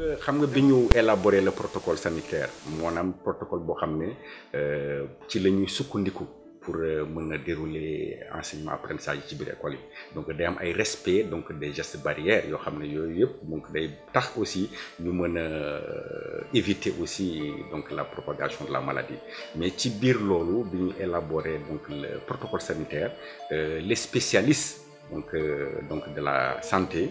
Nous xam nga biñu élaborer le protocole sanitaire maanaam protocole boo xam ne euh, ci la ñuy pour euh, mën dérouler enseignement apprentissage ci biir école yi donc day am ay respect donc des gestes barrières yoo xam ne yooyu yëpp donc day tax aussi ñu euh, éviter aussi donc la propagation de la maladie mais ci biir loolu bi élaborer donc le protocole sanitaire les spécialistes donc donc de la santé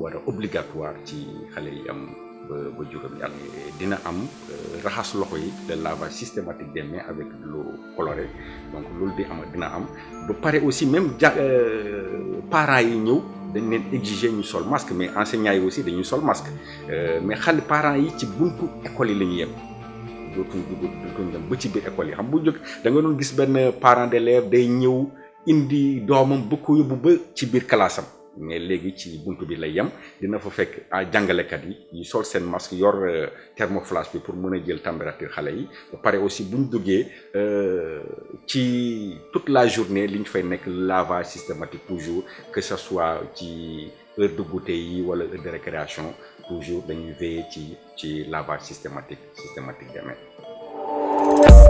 war obligatoire ci xalé yi am ba de dina am euh, raxas loxo yi le lavage systématique des avec de l'eau colorée donc lool di am dina aussi même euh, parents yi dañ leen exiger ñu sol masque mais enseignants yi aussi masque euh, mais parents yi ci école ba ci biir école yi xam bu da classe mais légui ci buntu bi lay yam dina fa fekk ah, jangale kat yi ñu sol sen masque yor euh, thermoflash bi pour mën a jël température xalé yi ba aussi buñ ñu euh ci toute la journée liñ fay nek lavage systématique toujours que ce soit ci heure de goûter yi wala heure de récréation toujours dañuy veiller ci ci lavage systématique systématique des